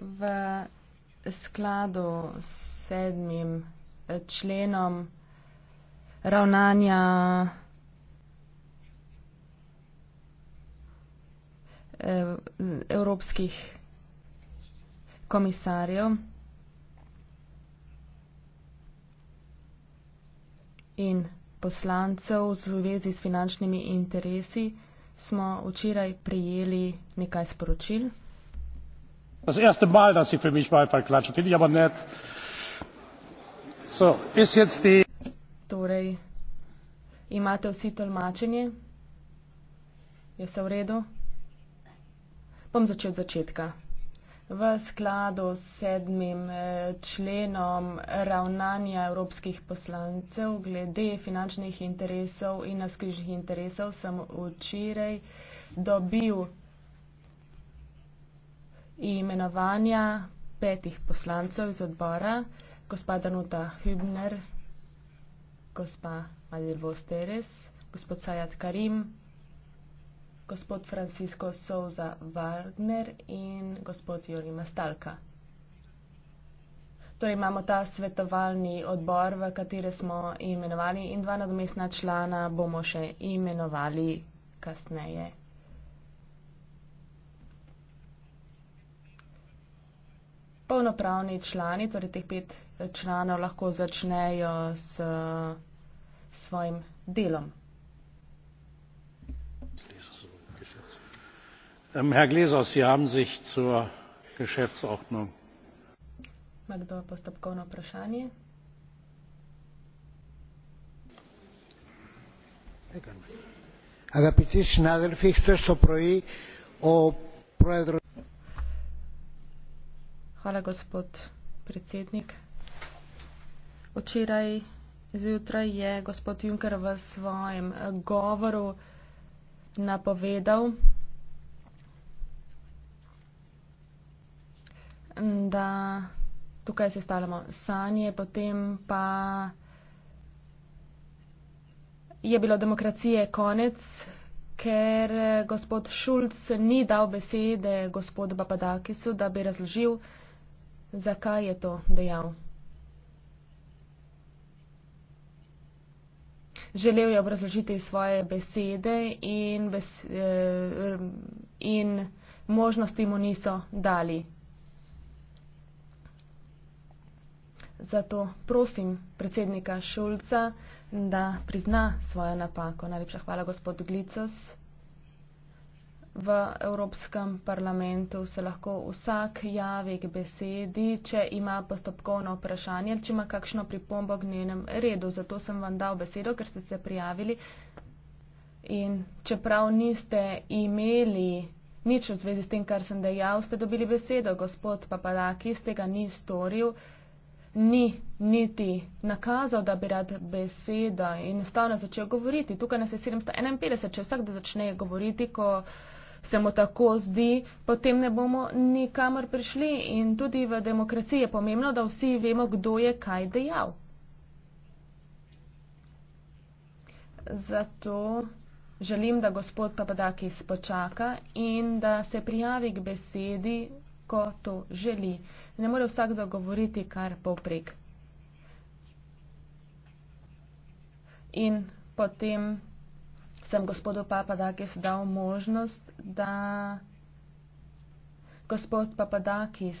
v skladu s sedmim eh, členom ravnanja eh, evropskih komisarjev in poslancev v zvezi s finančnimi interesi smo včeraj prijeli nekaj sporočil das erste mal dass sie für mich beifall klatschen finde ich aber nett. torej imate vsi tolmačenje je vse v redu bom začel od začetka v skladu s sedmim eh, členom ravnanja evropskih poslancev glede finančnih interesov in nasklužnih interesov sem včeraj dobil imenovanja petih poslancev iz odbora, gospa Danuta Hübner, gospa Madilvos Teres, gospod Sajat Karim, gospod Francisco Souza Wagner in gospod Jori Mastalka. Torej imamo ta svetovalni odbor, v katere smo imenovali in dva nadomestna člana bomo še imenovali kasneje. polnopravni člani, torej teh pet eh, članov, lahko začnejo s eh, svojim delom. Ähm, Herr Gleser, Sie haben sich zur Geschäftsordnung. Herr Petit, schnell, ich so proi, o Prodro. Hvala, gospod predsednik. Včeraj zjutraj je gospod Juncker v svojem eh, govoru napovedal, da tukaj se stalamo sanje, potem pa je bilo demokracije konec, ker eh, gospod Šulc ni dal besede gospodu Babadakisu, da bi razložil, Zakaj je to dejal? Želel je obrazložiti svoje besede in, bes, eh, in možnosti mu niso dali. Zato prosim predsednika Šulca, da prizna svojo napako. Najlepša hvala, gospod Glicos v Evropskem parlamentu se lahko vsak javi k besedi, če ima postopkovno vprašanje ali če ima kakšno pripombo k njenem redu. Zato sem vam dal besedo, ker ste se prijavili. In čeprav niste imeli nič v zvezi s tem, kar sem dejal, ste dobili besedo. Gospod Papadaki ste ga ni storil, ni niti nakazal, da bi rad besedo in stavno začel govoriti. Tukaj nas je 751, če vsak, da začne govoriti, ko se mu tako zdi, potem ne bomo nikamor prišli in tudi v demokraciji je pomembno, da vsi vemo, kdo je kaj dejal. Zato želim, da gospod Papadakis počaka in da se prijavi k besedi, ko to želi. Ne more vsakdo govoriti kar poprek. In potem sem gospodu Papadakis dal možnost, da gospod Papadakis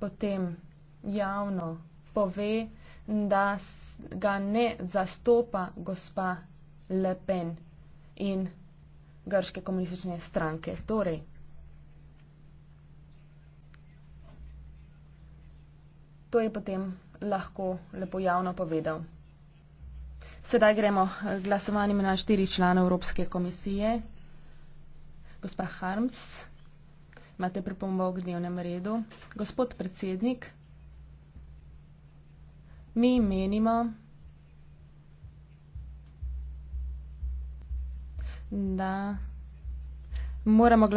potem javno pove, da ga ne zastopa gospa Le Pen in grške komunistične stranke. Torej, to je potem lahko lepo javno povedal. Sedaj gremo eh, glasovanjem na štiri člane Evropske komisije. Gospa Harms, imate pripombo k dnevnem redu. Gospod predsednik, mi menimo, da moramo glasovati.